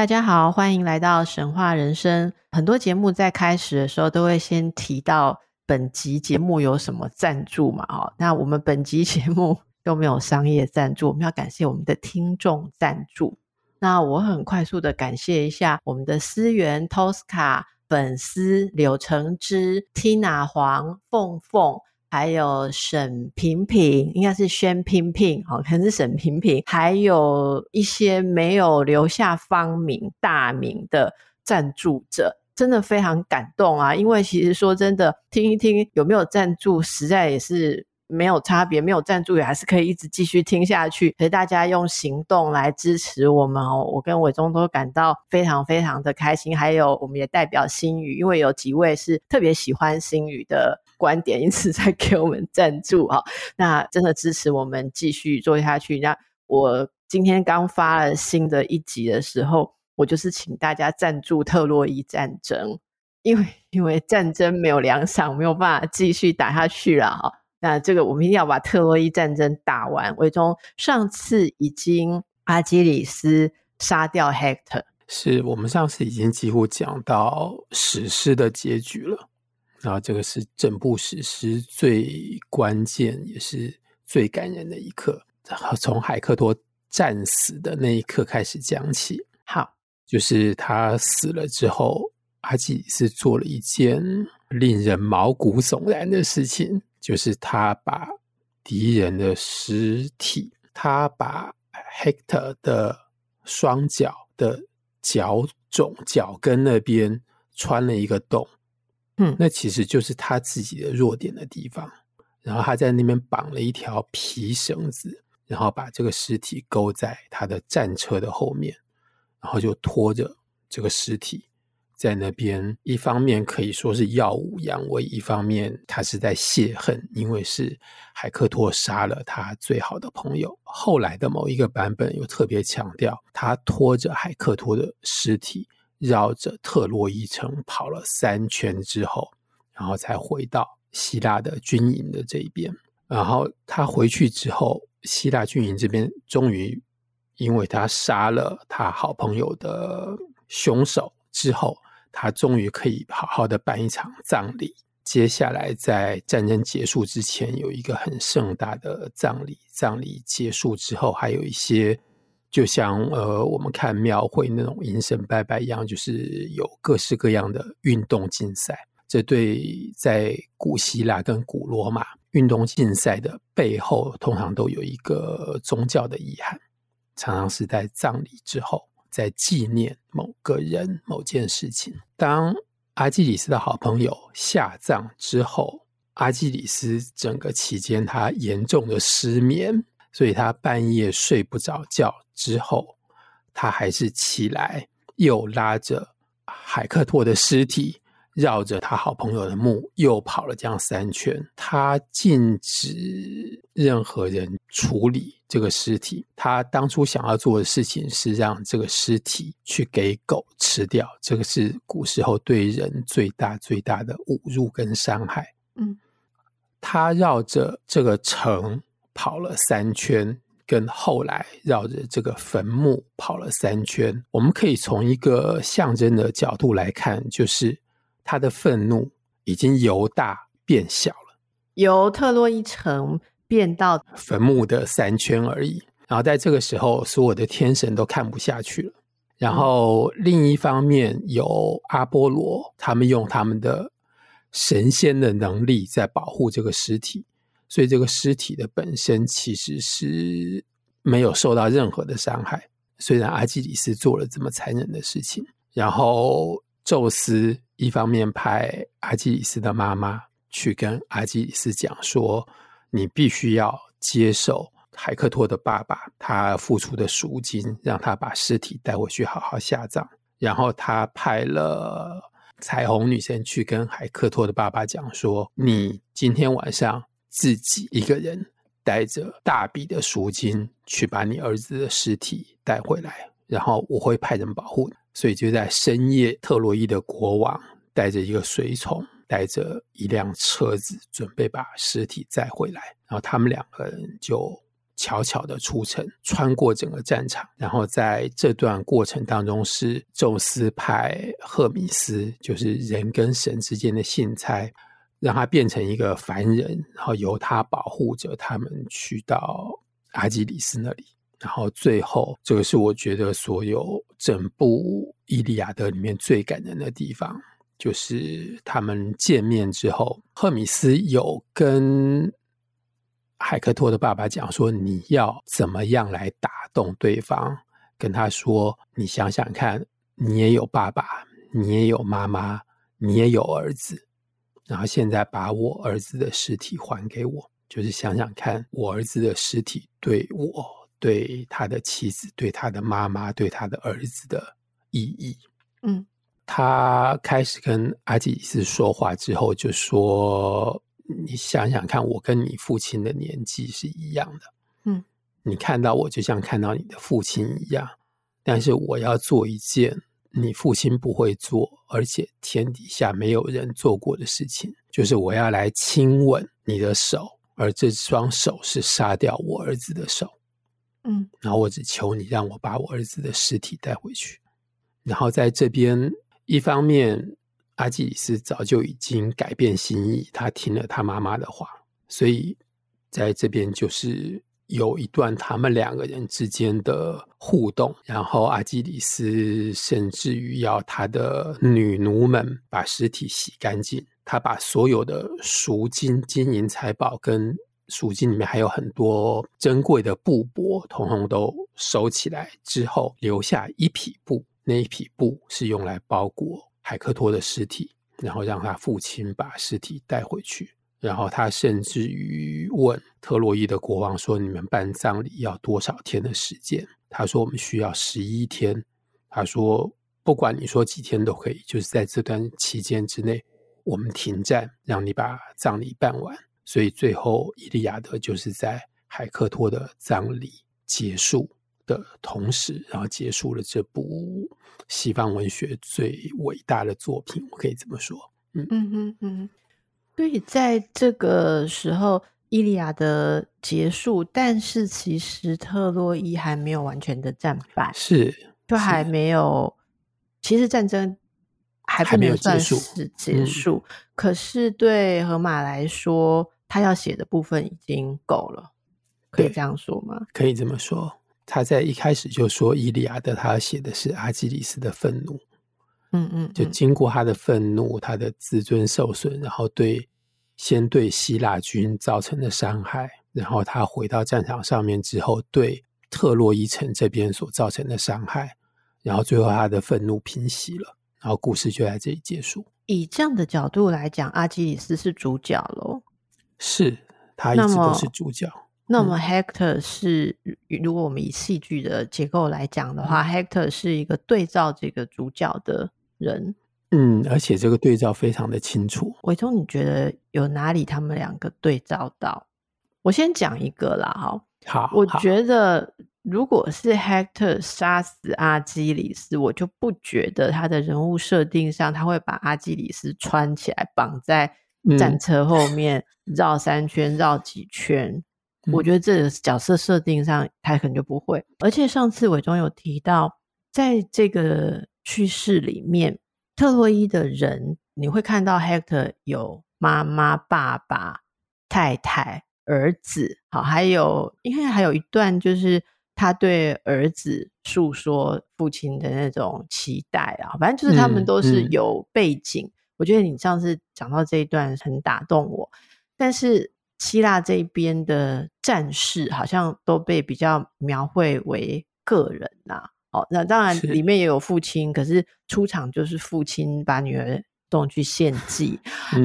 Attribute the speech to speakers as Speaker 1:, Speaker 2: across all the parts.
Speaker 1: 大家好，歡迎來到《神話人生》。很多節目在開始的時候都會先提到本集節目有什麼贊助嘛？啊，那我們本集節目都沒有商業贊助，我們要感謝我們的聽眾贊助。那我很快速的感謝一下我們的思源、Tosca 粉絲柳成、柳橙汁、Tina 黃鳳鳳。還有沈平平，應該是宣平平哦，可能是沈平平，還有一些沒有留下芳名大名的贊助者，真的非常感動啊！因為其實說真的，聽一聽有沒有贊助，實在也是沒有差別，沒有贊助也還是可以一直繼續聽下去。所以大家用行動來支持我們哦，我跟偉忠都感到非常非常的開心。還有，我們也代表新宇，因為有幾位是特別喜歡新宇的。觀點一直在給我們贊助哈，那真的支持我們繼續做下去。那我今天剛發了新的一集的時候，我就是請大家贊助特洛伊戰爭，因為因為戰爭沒有糧餉，沒有辦法繼續打下去了哈。那這個我們一定要把特洛伊戰爭打完。偉忠，上次已經阿基里斯殺掉 Hector，
Speaker 2: 是我們上次已經幾乎講到史詩的結局了。然後，這個是整部史詩最關鍵也是最感人的一刻，然後從海克托戰死的那一刻開始講起。好，就是他死了之後，阿基里斯做了一件令人毛骨悚然的事情，就是他把敵人的屍體，他把 Hector 的雙腳的腳踵腳跟那邊穿了一個洞。嗯，那其實就是他自己的弱點的地方。然後他在那邊綁了一條皮繩子，然後把這個屍體勾在他的戰車的後面，然後就拖着這個屍體在那邊。一方面可以說是耀武揚威，一方面他是在泄恨，因為是海克托殺了他最好的朋友。後來的某一個版本又特別強調，他拖着海克托的屍體。繞着特洛伊城跑了三圈之後，然後才回到希臘的軍營的這一邊。然後他回去之後，希臘軍營這邊終於，因為他殺了他好朋友的兇手之後，他終於可以好好的辦一場葬禮。接下來在戰爭結束之前有一個很盛大的葬禮，葬禮結束之後還有一些。就像呃，我們看廟會那種迎神拜拜一樣，就是有各式各樣的運動競賽。這對在古希臘跟古羅馬，運動競賽的背後通常都有一個宗教的意涵，常常是在葬禮之後，在紀念某個人、某件事情。當阿基里斯的好朋友下葬之後，阿基里斯整個期間他嚴重的失眠。所以他半夜睡不着覺之後，他還是起來，又拉着海克托的屍體繞着他好朋友的墓又跑了這樣三圈。他禁止任何人處理這個屍體。他當初想要做的事情是讓這個屍體去給狗吃掉。這個是古時候對人最大最大的侮辱跟傷害。嗯，他繞着這個城。跑了三圈，跟後來繞着這個墳墓跑了三圈。我們可以從一個象徵的角度來看，就是他的憤怒已經由大變小
Speaker 1: 了，由特洛伊城變到
Speaker 2: 墳墓的三圈而已。然後在這個時候，所有的天神都看不下去了。然後、嗯、另一方面，有阿波羅他們用他們的神仙的能力在保護這個屍體。所以這個屍體的本身其實是沒有受到任何的傷害。雖然阿基里斯做了這麼殘忍的事情，然後宙斯一方面派阿基里斯的媽媽去跟阿基里斯講說：“你必須要接受海克托的爸爸他付出的贖金，讓他把屍體帶回去好好下葬。”然後他派了彩虹女神去跟海克托的爸爸講說：“你今天晚上。”自己一個人帶着大筆的贖金去把你兒子的屍體帶回來，然後我會派人保護你。所以就在深夜，特洛伊的國王帶着一個隨從，帶着一輛車子，準備把屍體載回來。然後他們兩個人就悄悄地出城，穿過整個戰場。然後在這段過程當中，是宙斯派赫米斯，就是人跟神之間的信差。讓他變成一個凡人，然後由他保護着他們去到阿基里斯那裡。然後最後，這個是我覺得所有整部《伊利亞德》裡面最感人的地方，就是他們見面之後，赫米斯有跟海克托的爸爸講說：“你要怎麼樣來打動對方？”跟他說：“你想想看，你也有爸爸，你也有媽媽，你也有兒子。”然後現在把我兒子的屍體還給我，就是想想看，我兒子的屍體對我、對他的妻子、對他的媽媽、對他的兒子的意義。嗯，他開始跟阿基里斯說話之後，就說：“你想想看，我跟你父親的年紀是一樣的。嗯，你看到我就像看到你的父親一樣，但是我要做一件。”你父親不會做，而且天底下沒有人做過的事情，就是我要來親吻你的手，而這雙手是殺掉我兒子的手。嗯，然後我只求你讓我把我兒子的屍體帶回去。然後在這邊，一方面阿基里斯早就已經改變心意，他聽了他媽媽的話，所以在這邊就是。有一段他們兩個人之間的互動，然後阿基里斯甚至於要他的女奴們把屍體洗乾淨，他把所有的贖金、金銀財寶跟贖金裡面還有很多珍貴的布帛，統統都收起來之後，留下一匹布，那一匹布是用來包裹海克托的屍體，然後讓他父親把屍體帶回去。然後他甚至於問特洛伊的國王說：“你們辦葬禮要多少天的時間？”他說：“我們需要十一天。”他說：“不管你說幾天都可以，就是在這段期間之內，我們停戰，讓你把葬禮辦完。”所以最後，伊利亞德就是在海克托的葬禮結束的同時，然後結束了這部西方文學最偉大的作品。我可以這麼說，
Speaker 1: 嗯嗯嗯嗯。嗯所以在這個時候，伊利亞德結束，但是其實特洛伊還沒有完全的戰敗，是，就還沒有，是其實戰爭還，算是還沒有結束，結、嗯、束。可是對荷馬來說，他要寫的部分已經夠了，可以這樣說嗎？
Speaker 2: 可以這麼說。他在一開始就說，伊利亞德他寫的是阿基里斯的憤怒。嗯嗯，就經過他的憤怒，他的自尊受損，然後對先對希臘軍造成的傷害，然後他回到戰場上面之後，對特洛伊城這邊所造成的傷害，然後最後他的憤怒平息了，然後故事就在這裡結束。
Speaker 1: 以這樣的角度來講，阿基里斯是主角咯
Speaker 2: 是他一直都是主角。
Speaker 1: 那麼，嗯，那麼 Hector 是，如果我們以戲劇的結構來講的話，Hector 是一個對照這個主角的。人，
Speaker 2: 嗯，而且這個對照非常的清楚。
Speaker 1: 偉忠，你覺得有哪裡他們兩個對照到？我先講一個啦，好，好，我覺得如果是 Hector 殺死阿基里斯，我就不覺得他的人物設定上，他會把阿基里斯穿起來綁在戰車後面、嗯、繞三圈、繞幾圈。嗯、我覺得這個角色設定上他可能就不會。而且上次偉忠有提到，在這個。敘事裡面，特洛伊的人，你會看到 Hector 有媽媽、爸爸、太太、兒子，好，還有應該還有一段就是他對兒子訴說父親的那種期待啊，反正就是他們都是有背景。嗯嗯、我覺得你上次講到這一段很打動我，但是希臘這一邊的戰士好像都被比較描繪為個人吶、啊。哦，那當然，裡面也有父親，是可是出場就是父親把女兒送去獻祭。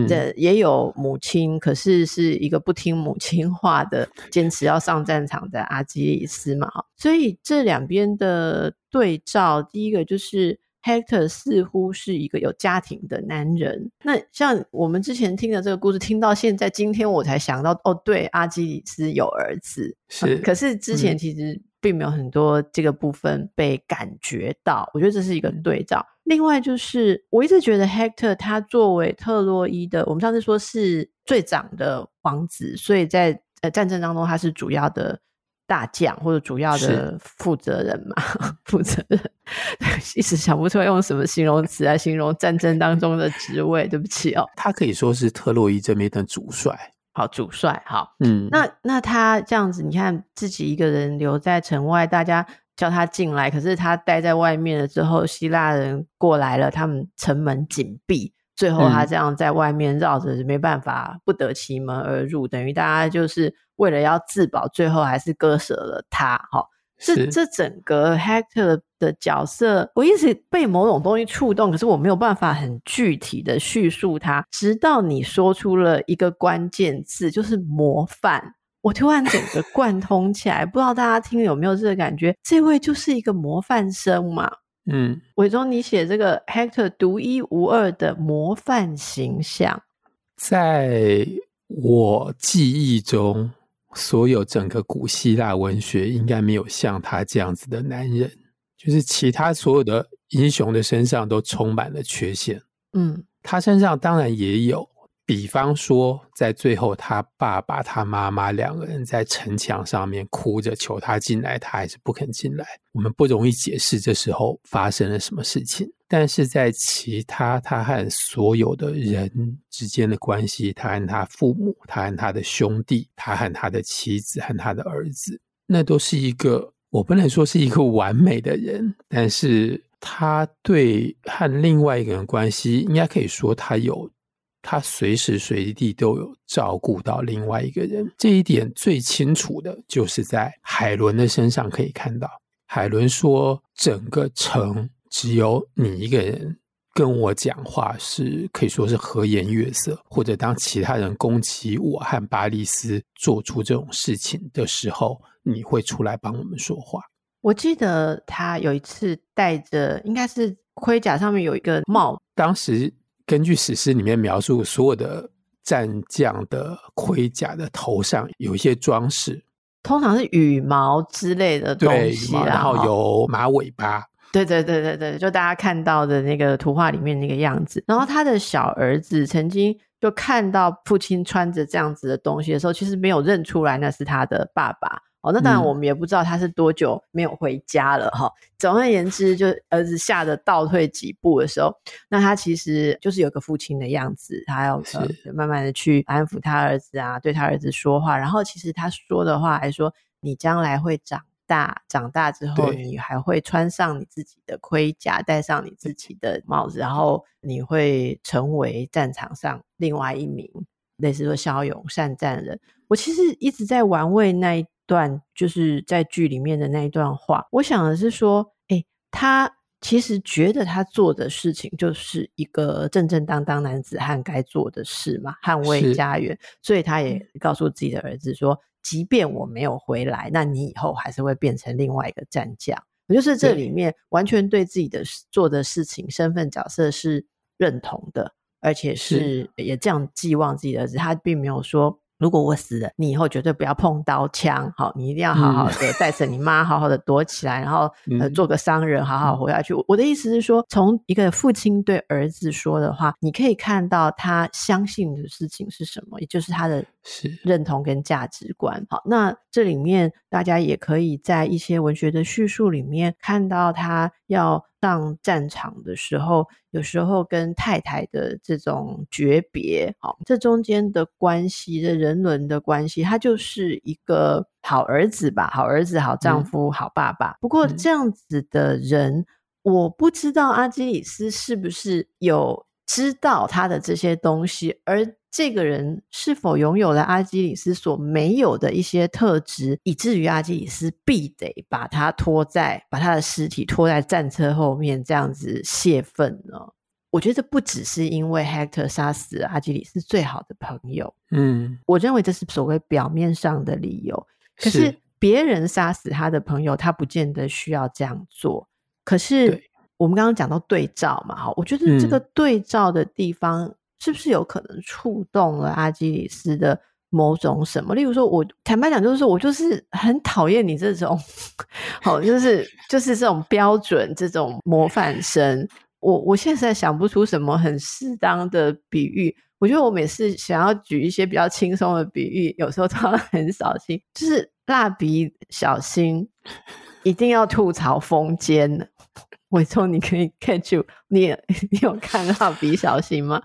Speaker 1: 這、嗯、也有母親，可是是一個不聽母親話的，堅持要上戰場的阿基里斯嘛。所以這兩邊的對照，第一個就是 Hector 似乎是一個有家庭的男人。那像我們之前聽的這個故事，聽到現在今天我才想到，哦，對，阿基里斯有兒子。是、嗯，可是之前其實、嗯。並沒有很多這個部分被感覺到，我覺得這是一個對照。另外就是，我一直覺得 Hector 他作為特洛伊的，我們上次說是最長的王子，所以在呃戰爭當中他是主要的大將或者主要的負責人嘛，負是 責人。 一直想不出來用什麼形容詞來形容戰爭當中的職位，對不起哦，他可以說是特洛伊這邊的主帥。好，主帥，好，嗯，那那他這樣子，你看自己一個人留在城外，大家叫他進來，可是他待在外面了之後，希臘人過來了，他們城門緊閉，最後他這樣在外面繞着，是沒辦法，不得其門而入，嗯、等於大家就是為了要自保，最後還是割捨了他，好。這是這整個 Hector 的角色，我一直被某種東西觸動，可是我沒有辦法很具體的敘述它。直到你說出了一個關鍵字，就是模範，我突然整個貫通起來。 不知道大家聽有沒有這個感覺？這位就是一個模範生嘛。嗯，偉忠，你寫這個 Hector 獨一無二的模範形象，
Speaker 2: 在我記憶中。所有整個古希臘文學，應該沒有像他這樣子的男人，就是其他所有的英雄的身上都充滿了缺陷。嗯，他身上當然也有。比方說，在最後，他爸爸他媽媽兩個人在城牆上面哭着求他進來，他還是不肯進來。我們不容易解釋這時候發生了什麼事情。但是在其他他和所有的人之間的關係，他和他父母，他和他的兄弟，他和他的妻子和他的兒子，那都是一個我不能說是一個完美的人，但是他對和另外一個人關係，應該可以說他有。他隨時隨地都有照顧到另外一個人，這一點最清楚的就是在海倫的身上可以看到。海倫說：“整個城只有你一個人跟我講話是，是可以說是和顏悅色。或者當其他人攻擊我和巴利斯做出這種事情的時候，你會出來幫我們說話。”
Speaker 1: 我記得他有一次戴着，應該是盔甲上面有一個帽，
Speaker 2: 當時。根據史詩裡面描述，所有的戰將的盔甲的頭上有一些裝飾，
Speaker 1: 通常是羽毛之類的東西啊，然後有馬尾巴。對對對對對，就大家看到的那個圖畫裡面那個樣子。然後他的小兒子曾經就看到父親穿着這樣子的東西的時候，其實沒有認出來那是他的爸爸。哦，那當然，我們也不知道他是多久沒有回家了哈。嗯、總而言之，就兒子嚇得倒退幾步的時候，那他其實就是有個父親的樣子，他要去慢慢的去安撫他兒子啊，是對他兒子說話。然後，其實他說的話還說：“你將來會長大，長大之後，你還會穿上你自己的盔甲，戴上你自己的帽子，然後你會成為戰場上另外一名類似說驍勇善戰的人。”我其實一直在玩味那。段就是在劇裡面的那一段話，我想的是說、欸，他其實覺得他做的事情就是一個正正當當男子漢該做的事嘛，捍衛家園。是所以他也告訴自己的兒子說，即便我沒有回來，那你以後還是會變成另外一個戰將。就是這裡面完全對自己的做的事情、身份、角色是認同的，而且是，是也這樣寄望自己的兒子，他並沒有說。如果我死了，你以後絕對不要碰刀槍，好，你一定要好好的帶着你媽好好的躲起來，嗯、然後呃做個商人，好好活下去。嗯、我的意思是說，從一個父親對兒子說的話，你可以看到他相信的事情是什麼，也就是他的認同跟價值觀。好，那這裡面大家也可以在一些文學的敘述裡面看到他要。上戰場的時候，有時候跟太太的這種訣別，好，這中間的關係，這人倫的關係，他就是一個好兒子吧，好兒子，好丈夫，好爸爸。嗯。不過這樣子的人，我不知道阿基里斯是不是有知道他的這些東西，而。這個人是否擁有了阿基里斯所沒有的一些特質，以至於阿基里斯必得把他拖在，把他的屍體拖在戰車後面這樣子泄憤呢？我覺得這不只是因為 Hector 殺死了阿基里斯最好的朋友，嗯，我認為這是所謂表面上的理由。可是別人殺死他的朋友，他不見得需要這樣做。可是我們剛剛講到對照嘛，好，我覺得這個對照的地方。嗯是不是有可能觸動了阿基里斯的某種什麼？例如說我，我坦白講，就是我就是很討厭你這種，好，就是就是這種標準、這種模範生。我我現在實在想不出什麼很適當的比喻。我覺得我每次想要舉一些比較輕鬆的比喻，有時候都會很小心，就是蠟筆小新，一定要吐槽風間。我說，你可以 catch you，你你有看蠟筆小新嗎？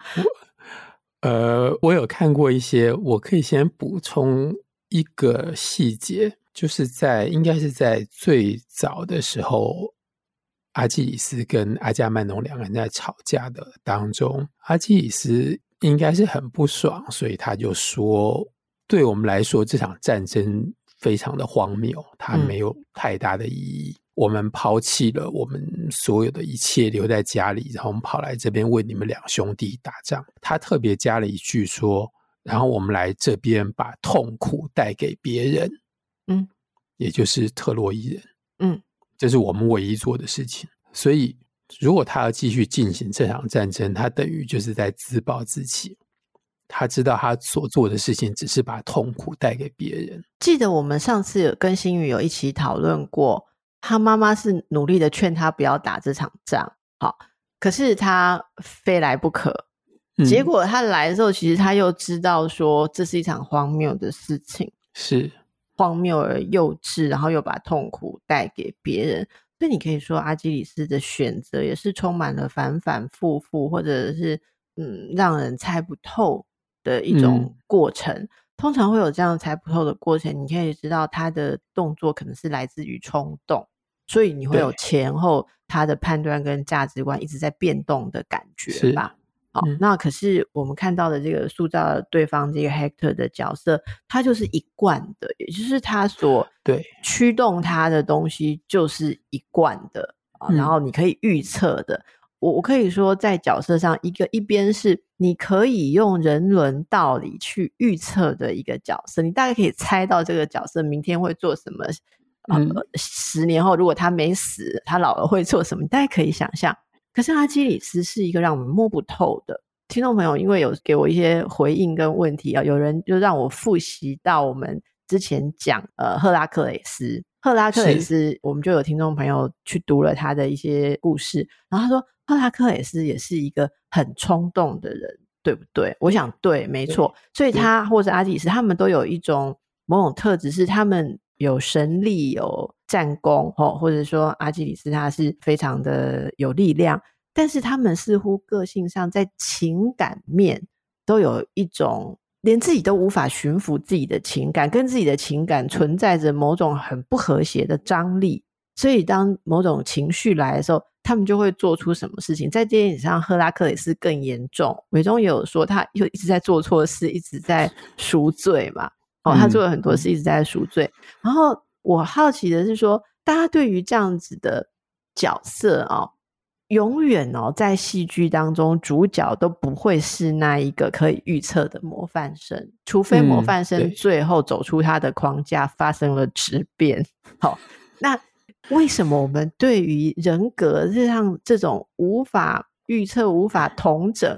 Speaker 2: 呃，我有看過一些，我可以先補充一個細節，就是在應該是在最早的時候，嗯、阿基里斯跟阿加曼農兩個人在吵架的當中，阿基里斯應該是很不爽，所以他就說：“對我們來說，這場戰爭非常的荒謬，它沒有太大的意義。”嗯我們拋棄了我們所有的一切，留在家裡，然後我們跑來這邊為你們兩兄弟打仗。他特別加了一句說：“然後我們來這邊把痛苦帶給別人。”嗯，也就是特洛伊人。嗯，這是我們唯一做的事情。所以，如果他要繼續進行這場戰爭，他等於就是在自暴自棄。他知道他所做的事情只是把痛苦帶給別人。
Speaker 1: 記得我們上次有跟新宇有一起討論過。他媽媽是努力的勸他不要打這場仗，好，哦，可是他非來不可。嗯，結果他來的時候，其實他又知道說這是一場荒謬的事情，是荒謬而幼稚，然後又把痛苦帶給別人。所以你可以說阿基里斯的選擇也是充滿了反反复复，或者是嗯，讓人猜不透的一種過程。嗯。通常會有這樣猜不透的過程，你可以知道他的動作可能是來自於衝動，所以你會有前後他的判斷跟價值觀一直在變動的感覺吧？是好，嗯，那可是我們看到的這個塑造的對方這個 Hector 的角色，他就是一貫的，也就是他所對驅動他的東西就是一貫的，對然後你可以預測的。嗯嗯我我可以說，在角色上，一個一邊是你可以用人倫道理去預測的一個角色，你大概可以猜到這個角色明天會做什麼，呃。嗯，十年後如果他沒死，他老了會做什麼？你大概可以想像。可是阿基里斯是一個讓我們摸不透的。聽眾朋友，因為有給我一些回應跟問題啊，有人就讓我複習到我們之前講呃赫拉克勒斯。赫拉克勒斯，我們就有聽眾朋友去讀了他的一些故事，然後他說赫拉克勒斯也是一個很衝動的人，對不對？我想對，沒錯。對所以他或者阿基里斯他們都有一種某種特質，是他們有神力、有戰功，吼，或者說阿基里斯他是非常的有力量，但是他們似乎個性上在情感面都有一種。連自己都無法馴服自己的情感，跟自己的情感存在着某種很不和諧的張力，所以當某種情緒來的時候，他們就會做出什麼事情。在電影上，赫拉克利斯更嚴重，美中也有說他又一直在做錯事，一直在贖罪嘛。哦、他做了很多事，一直在贖罪。嗯、然後我好奇的是說，說大家對於這樣子的角色、哦，啊永遠哦，在戲劇當中，主角都不會是那一個可以預測的模範生，除非模範生最後走出他的框架，嗯、發生了質變。好，那為什麼我們對於人格這樣這種無法預測、無法統整，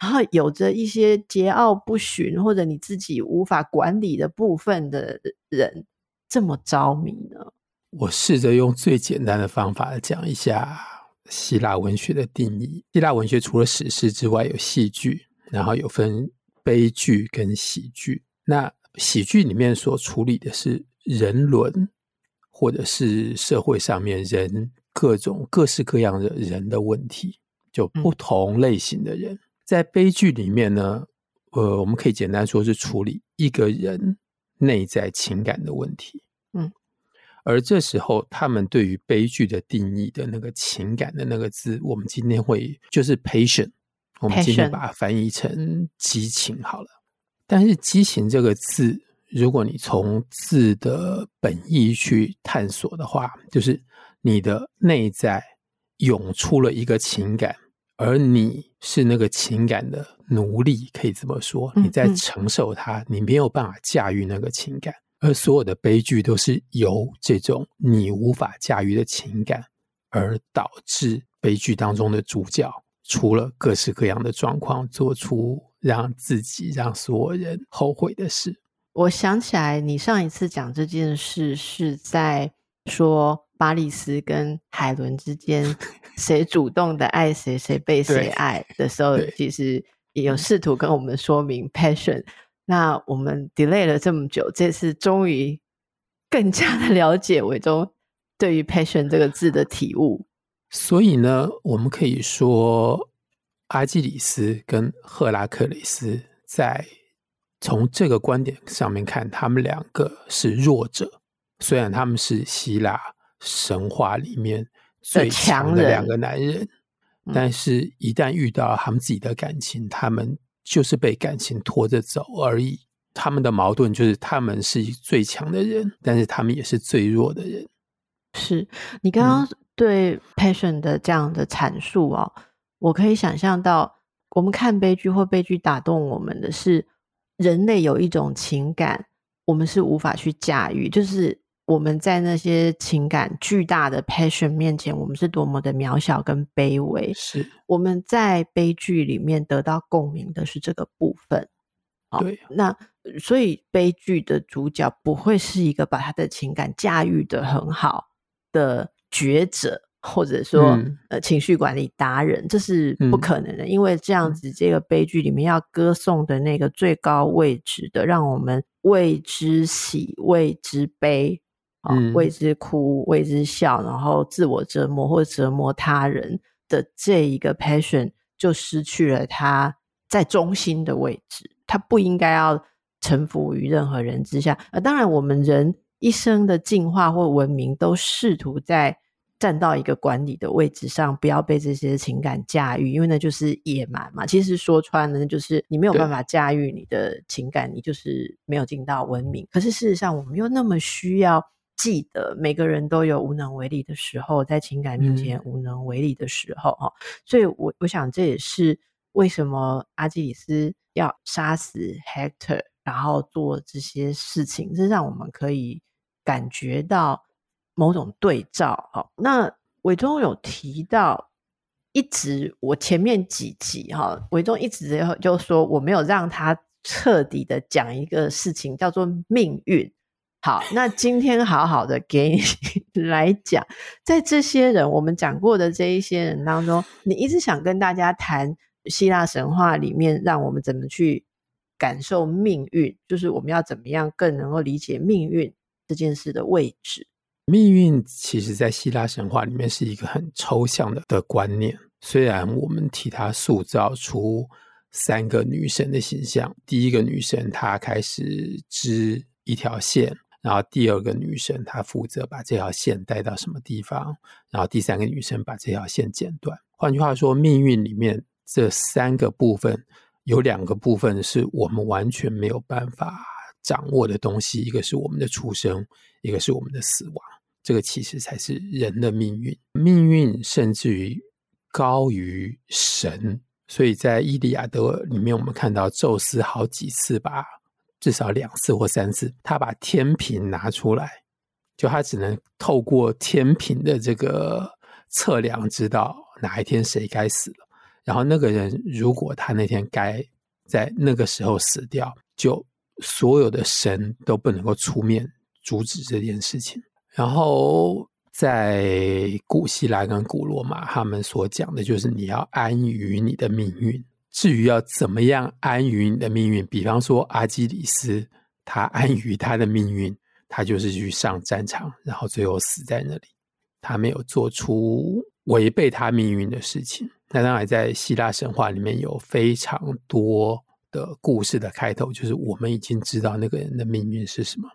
Speaker 1: 然後有着一些桀驁不馴或者你自己無法管理的部分的人，這麼着迷呢？
Speaker 2: 我試着用最簡單的方法來講一下。希臘文學的定義。希臘文學除了史詩之外，有戲劇，然後有分悲劇跟喜劇。那喜劇裡面所處理的是人倫，或者是社會上面人，各種各式各樣的人的問題，就不同類型的人。嗯、在悲劇裡面呢，呃，我們可以簡單說是處理一個人內在情感的問題。而這時候，他們對於悲劇的定義的那個情感的那個字，我們今天會就是 passion 我們今天把它翻譯成激情好了。但是激情這個字，如果你從字的本意去探索的話，就是你的內在湧出了一個情感，而你是那個情感的奴隸，可以這麼說，你在承受它，你沒有辦法駕馭那個情感。嗯。嗯而所有的悲劇都是由這種你無法駕馭的情感，而導致悲劇當中的主角出了各式各樣的狀況，做出讓自己讓
Speaker 1: 所有人後悔的事。我想起來，你上一次講這件事是在說巴利斯跟海倫之間，誰主動的愛誰，誰被誰愛的時候， 對其實也有試圖跟我們說明 passion。那我們 delay 了這麼久，這次終於更加的了解偉忠對於 patience 這個字的體悟。所以呢，我們可
Speaker 2: 以說，阿基里斯跟赫拉克里斯在從這個觀點上面看，他們兩個是弱者。雖然他們是希臘神話裡面最強的兩個男人，呃人嗯、但是一旦遇到他們自己的感情，他們。就是被感情拖着走而已。他們的矛盾就是，他們是最強的人，但是他們也是最弱的
Speaker 1: 人。是，你剛剛對 passion 的這樣的闡述啊、哦，嗯，我可以想象到，我們看悲劇或悲劇打動我們的是，人類有一種情感，我們是無法去駕馭，就是。我們在那些情感巨大的 passion 面前，我們是多麼的渺小跟卑微。是我們在悲劇裡面得到共鳴的是這個部分。對，哦、那所以悲劇的主角不會是一個把他的情感駕馭得很好的覺者，或者說、嗯呃、情緒管理達人，這是不可能的，嗯、因為這樣子這個悲劇裡面要歌頌的那個最高位置的，讓我們為之喜，為之悲，啊，為之哭，為之笑，然後自我折磨或折磨他人的這一個 passion，就失去了他在中心的位置。他不應該要臣服於任何人之下。當然，我們人一生的進化或文明都試圖在站到一個管理的位置上，不要被這些情感駕馭，因為那就是野蠻嘛。其實說穿了，就是你沒有辦法駕馭你的情感，對你就是沒有進到文明。可是事實上，我們又那麼需要。記得每個人都有無能為力的時候，在情感面前無能為力的時候，嗯、所以我，我我想這也是為什麼阿基里斯要殺死 Hector 然後做這些事情，這讓我們可以感覺到某種對照。那偉忠有提到，一直我前面幾集哈，偉忠一直就說我沒有讓他徹底的講一個事情，叫做命運。好，那今天好好的給你來講，在這些人我們講過的這一些人當中，你一直想跟大家談希臘神話裡面，讓我們怎麼去感受命運，就是我們要怎麼樣更能夠理解命運這件事的位置。
Speaker 2: 命運其實在希臘神話裡面是一個很抽象的的觀念，雖然我們替他塑造出三個女神的形象，第一個女神她開始織一條線。然後第二個女生她負責把這條線帶到什麼地方，然後第三個女生把這條線剪斷。換句話說，命運裡面這三個部分，有兩個部分是我們完全沒有辦法掌握的東西，一個是我們的出生，一個是我們的死亡。這個其實才是人的命運，命運甚至於高於神。所以在伊利亞德裡面，我們看到宙斯好幾次吧。至少兩次或三次，他把天平拿出來，就他只能透過天平的這個測量，知道哪一天誰該死了。然後那個人如果他那天該在那個時候死掉，就所有的神都不能夠出面阻止這件事情。然後在古希臘跟古羅馬，他們所講的就是你要安於你的命運。至於要怎麼樣安於你的命運，比方說阿基里斯，他安於他的命運，他就是去上戰場，然後最後死在那裡，他沒有做出違背他命運的事情。那當然，在希臘神話裡面有非常多的故事的開頭，就是我們已經知道那個人的命運是什麼。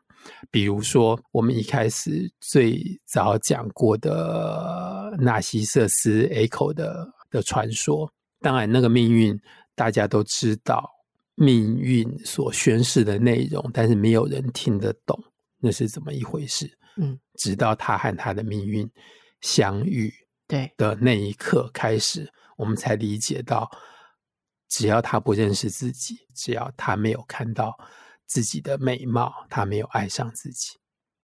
Speaker 2: 比如說，我們一開始最早講過的納西瑟斯 Echo 的的傳說。當然，那個命運大家都知道，命運所宣示的內容，但是沒有人聽得懂那是怎麼一回事。嗯，直到他和他的命運相遇的那一刻開始，對我們才理解到，只要他不認識自己，只要他沒有看到自己的美貌，他沒有愛上自己，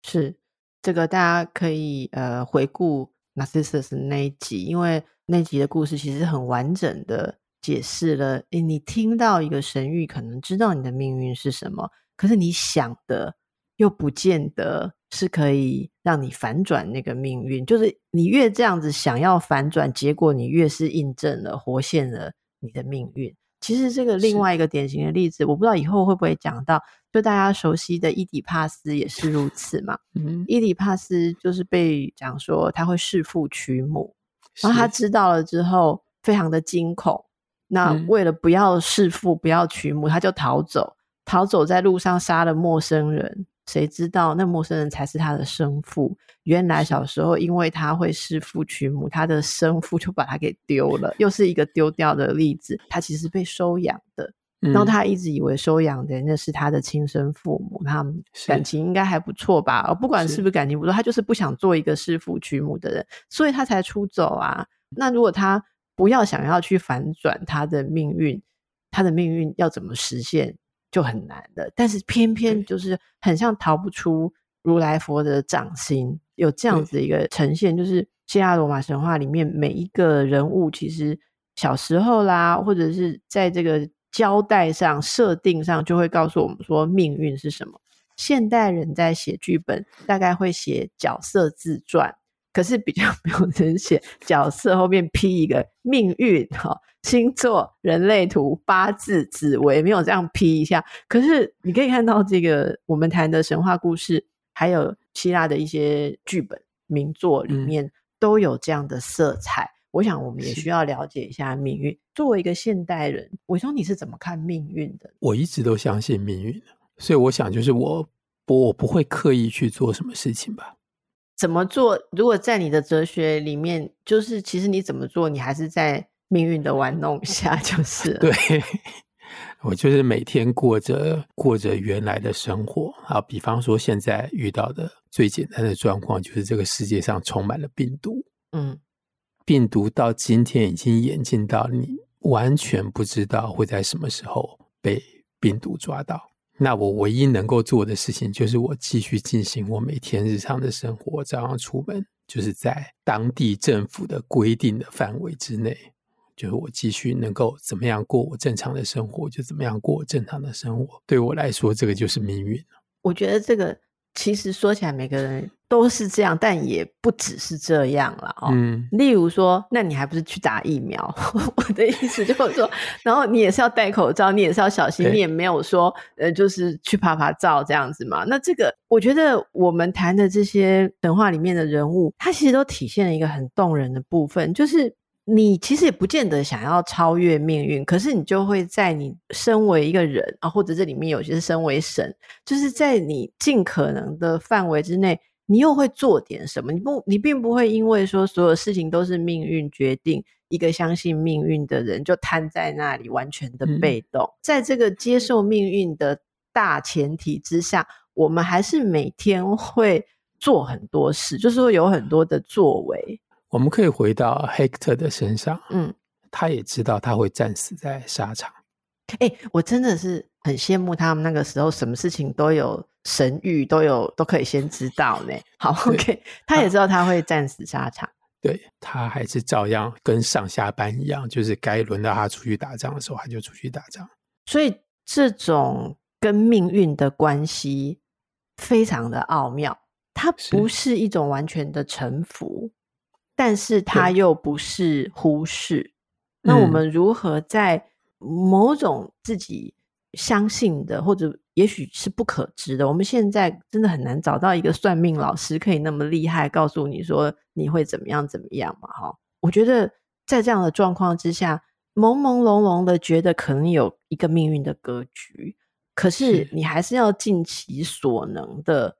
Speaker 1: 是這個大家可以呃回顧《Narcissus》那一集，因為。那集的故事其實很完整的解釋了，你聽到一個神諭，可能知道你的命運是什麼，可是你想的又不見得是可以讓你反轉那個命運。就是你越這樣子想要反轉，結果你越是印證了、活現了你的命運。其實這個另外一個典型的例子，是我不知道以後會不會講到，就大家熟悉的伊底帕斯也是如此嘛？嗯，伊底帕斯就是被講說他會弑父娶母。然後他知道了之後，非常的驚恐。是那為了不要弑父，嗯、不要娶母，他就逃走。逃走在路上殺了陌生人，誰知道那陌生人才是他的生父？原來小時候因為他會弑父娶母，是他的生父就把他給丟了。又是一個丟掉的例子。他其實被收養的。然後他一直以為收養的、欸、嗯、那是他的親生父母，他們感情應該還不錯吧是、哦，不管是不是感情不錯，他就是不想做一個弒父娶母的人，所以他才出走啊。那如果他不要想要去反轉他的命運，他的命運要怎麼實現就很難的。但是偏偏就是很像逃不出如來佛的掌心，有這樣子一個呈現，對就是希臘羅馬神話裡面每一個人物，其實小時候啦，或者是在這個。交代上、設定上就會告訴我們說，命運是什麼。現代人在寫劇本，大概會寫角色自傳，可是比較沒有人寫角色後面批一個命運哈、哦、星座、人類圖、八字、紫微，沒有這樣批一下。可是你可以看到這個我們談的神話故事，還有希臘的一些劇本名作裡面都有這樣的色彩。嗯。我想，我們也需要了解一下命運。是作為一個現代人，偉忠，你是怎麼看命運的？
Speaker 2: 我一直都相信命運，所以我想，就是我不，我不會刻意去做什麼事情吧？
Speaker 1: 怎麼做？如果在你的哲學裡面，就是其實你怎麼做，你還是在命運的玩弄下，就是 對。
Speaker 2: 我就是每天過着過着原來的生活啊。比方說，現在遇到的最簡單的狀況，就是這個世界上充滿了病毒。嗯。病毒到今天已經演進到你完全不知道會在什麼時候被病毒抓到。那我唯一能夠做的事情就是我繼續進行我每天日常的生活，照樣出門，就是在當地政府的規定的範圍之內，就是我繼續能夠怎麼樣過我正常的生活，就怎麼樣過我正常的生活。對我來說，這個就是命運。
Speaker 1: 我覺得這個。其實說起來，每個人都是這樣，但也不只是這樣了哦。嗯、例如說，那你還不是去打疫苗？ 我的意思就是說， 然後你也是要戴口罩，你也是要小心，你也沒有說 Okay. 呃，就是去拍拍照這樣子嘛。那這個，我覺得我們談的這些神話裡面的人物，他其實都體現了一個很動人的部分，就是。你其實也不見得想要超越命運，可是你就會在你身為一個人啊，或者這裡面有些是身為神，就是在你盡可能的範圍之內，你又會做點什麼？你不，你並不會因為說所有事情都是命運決定，一個相信命運的人就癱在那裡，完全的被動。嗯。在這個接受命運的大前提之下，我們還是每天會做很多事，就是說有很多的作為。
Speaker 2: 我們可以回到 Hector 的身上，嗯，他也知道他會戰死在沙場。
Speaker 1: 哎、欸，我真的是很羨慕他們那個時候，什麼事情都有神諭，都有都可以先知道呢。好對，OK，他也知道他會戰死沙場。啊、對，
Speaker 2: 他還是照樣跟上下班一樣，就是該輪到他出去打仗的時候，他就出去打仗。
Speaker 1: 所以這種跟命運的關係非常的奧妙，它不是一種完全的臣服。但是他又不是忽視，對那我們如何在某種自己相信的，嗯、或者也許是不可知的，我們現在真的很難找到一個算命老師可以那麼厲害，告訴你說你會怎麼樣怎麼樣嘛？哈，我覺得在這樣的狀況之下，朦朦朧朧的覺得可能有一個命運的格局，可是你還是要盡其所能的。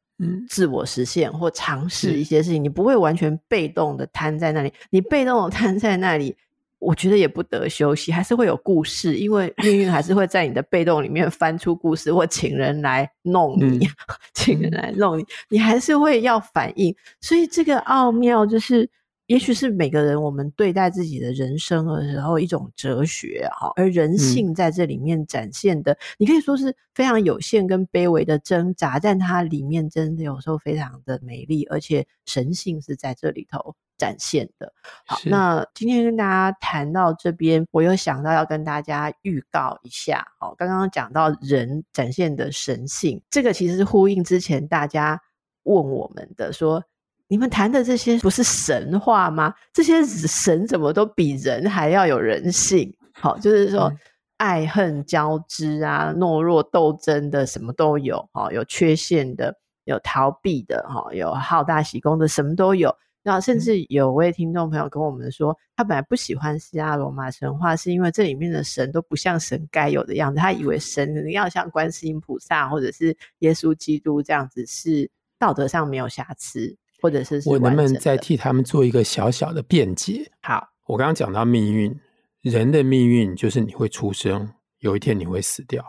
Speaker 1: 自我實現或嘗試一些事情，是你不會完全被動的攤在那裡。你被動的攤在那裡，我覺得也不得休息，還是會有故事，因為命運還是會在你的被動裡面翻出故事， 或請人來弄你，嗯、請人來弄你，你還是會要反應。所以這個奧妙就是。也許是每個人我們對待自己的人生的時候一種哲學哈，而人性在這裡面展現的，你可以說是非常有限跟卑微的掙扎，但它裡面真的有時候非常的美麗，而且神性是在這裡頭展現的。好，是那今天跟大家談到這邊，我有想到要跟大家預告一下，好，剛剛講到人展現的神性，這個其實是呼應之前大家問我們的說。你們談的這些不是神話嗎？這些神怎麼都比人還要有人性？好、哦，就是說愛恨交織啊，嗯、懦弱鬥爭的什麼都有。好、哦，有缺陷的，有逃避的，哈、哦，有好大喜功的，什麼都有。然、嗯、甚至有位聽眾朋友跟我們說，他本來不喜歡希臘羅馬神話，是因為這裡面的神都不像神該有的樣子。他以為神要像觀世音菩薩或者是耶穌基督這樣子，是道德上沒有瑕疵。或者是，是我能不能再
Speaker 2: 替他們做一個小小的辯解？好，我剛剛講到命運，人的命運就是你會出生，有一天你會死掉，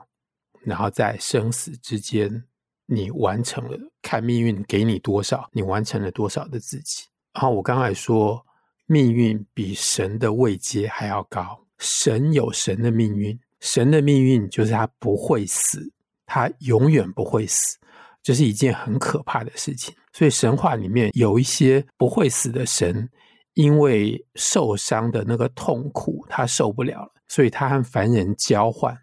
Speaker 2: 然後在生死之間，你完成了，看命運給你多少，你完成了多少的自己。然後我剛才說，命運比神的位階還要高，神有神的命運，神的命運就是他不會死，他永遠不會死。這是一件很可怕的事情，所以神話裡面有一些不會死的神，因為受傷的那個痛苦他受不了了，所以他和凡人交換，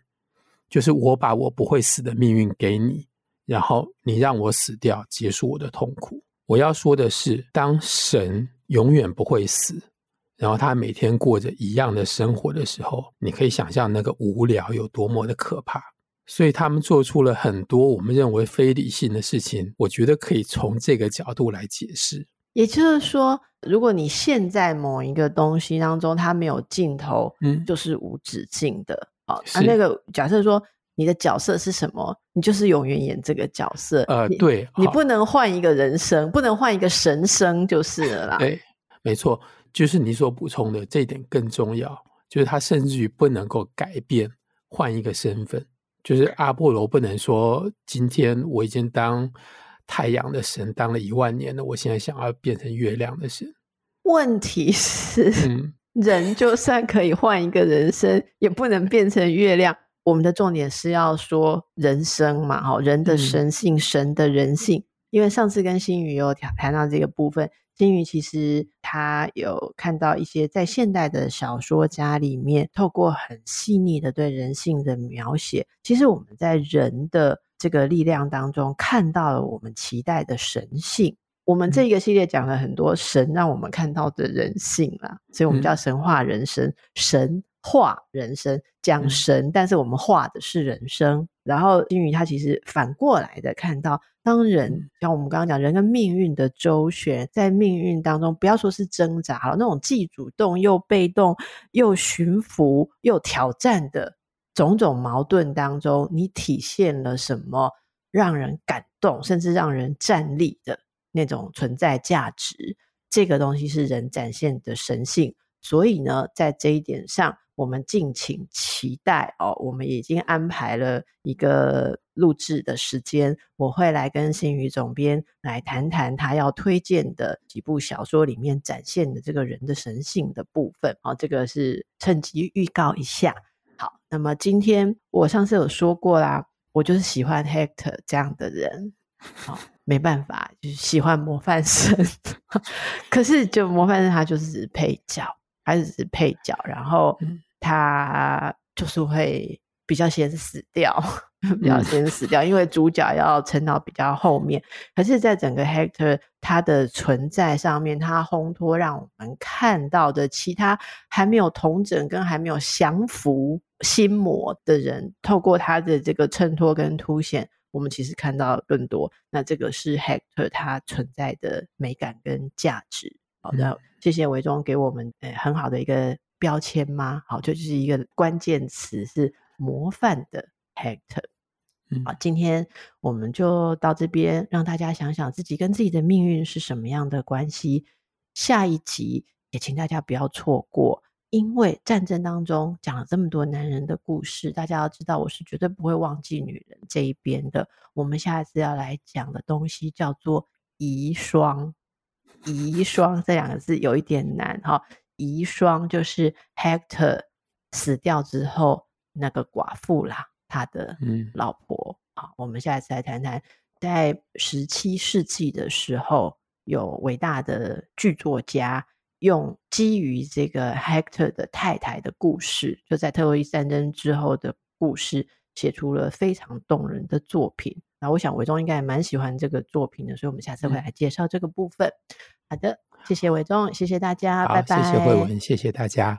Speaker 2: 就是我把我不會死的命運給你，然後你讓我死掉，結束我的痛苦。我要說的是，當神永遠不會死，然後他每天過着一樣的生活的時候，你可以想象那個無聊有多麼的可怕。所以他們做出了很多我們認為非理性的事情，我覺得可以從這個角度來解釋。
Speaker 1: 也就是說，如果你陷在某一個東西當中，它沒有盡頭，嗯，就是無止境的是啊。啊，那個假設說你的角色是什麼，你就是永遠演這個角色。呃，對，你不能換一個人生，好不能換一個神生，就是了
Speaker 2: 啦。哎，沒錯，就是你所補充的這一點更重要，就是他甚至於不能夠改變，換一個身份。就是阿波羅不能說今天我已經當太陽的神當了一萬年了，我現在想要變成月亮的神。
Speaker 1: 問題是，嗯、人就算可以換一個人生，也不能變成月亮。 我們的重點是要說人生嘛，人的神性，神的人性。嗯、因為上次跟星宇有談到這個部分，星宇其實。他有看到一些在現代的小說家裡面，透過很細膩的對人性的描寫，其實我們在人的這個力量當中看到了我們期待的神性。我們這一個系列講了很多神讓我們看到的人性了，所以我們叫神話人生，嗯、神話人生講神，嗯、但是我們畫的是人生。然後金宇，他其實反過來的看到。當人，像我們剛剛講人跟命運的周旋，在命運當中，不要說是掙扎了，那種既主動又被動、又馴服又挑戰的種種矛盾當中，你體現了什麼，讓人感動，甚至讓人站立的那種存在價值，這個東西是人展現的神性。所以呢，在這一點上。我們敬請期待哦！我們已經安排了一個錄制的時間，我會來跟新宇總編來談談他要推薦的幾部小說裡面展現的這個人的神性的部分。哦，這個是趁機預告一下。好，那麼今天我上次有說過啦，我就是喜歡 Hector 這樣的人。好、哦，沒辦法，就是喜歡模範生。可是，就模範生他就是配角，他就是只配角，然後。嗯他就是會比較先死掉，比較先死掉，嗯、因為主角要撐到比較後面。可是，在整個 Hector 他的存在上面，他烘托讓我們看到的其他還沒有統整跟還沒有降服心魔的人，透過他的這個襯托跟凸顯，我們其實看到更多。那這個是 Hector 他存在的美感跟價值。好的，嗯、謝謝偉忠給我們呃很好的一個。標籤嗎？好，這就是一個關鍵詞，是模範的 Hector。好，今天我們就到這邊，讓大家想想自己跟自己的命運是什麼樣的關係。下一集也請大家不要錯過，因為戰爭當中講了這麼多男人的故事，大家要知道，我是絕對不會忘記女人這一邊的。我們下一次要來講的東西叫做遺孀，遺孀這兩個字有一點難哈。好遺孀就是 Hector 死掉之後那個寡婦啦，他的老婆。嗯。好，我們下次來談談，在十七世紀的時候，有偉大的劇作家用基於這個 Hector 的太太的故事，就在特洛伊戰爭之後的故事，寫出了非常動人的作品。那我想，偉忠應該也蠻喜歡這個作品的，所以我們下次會來介紹這個部分。嗯。好的。謝謝偉忠，謝謝大家，好拜拜。謝謝慧文，
Speaker 2: 謝謝大家。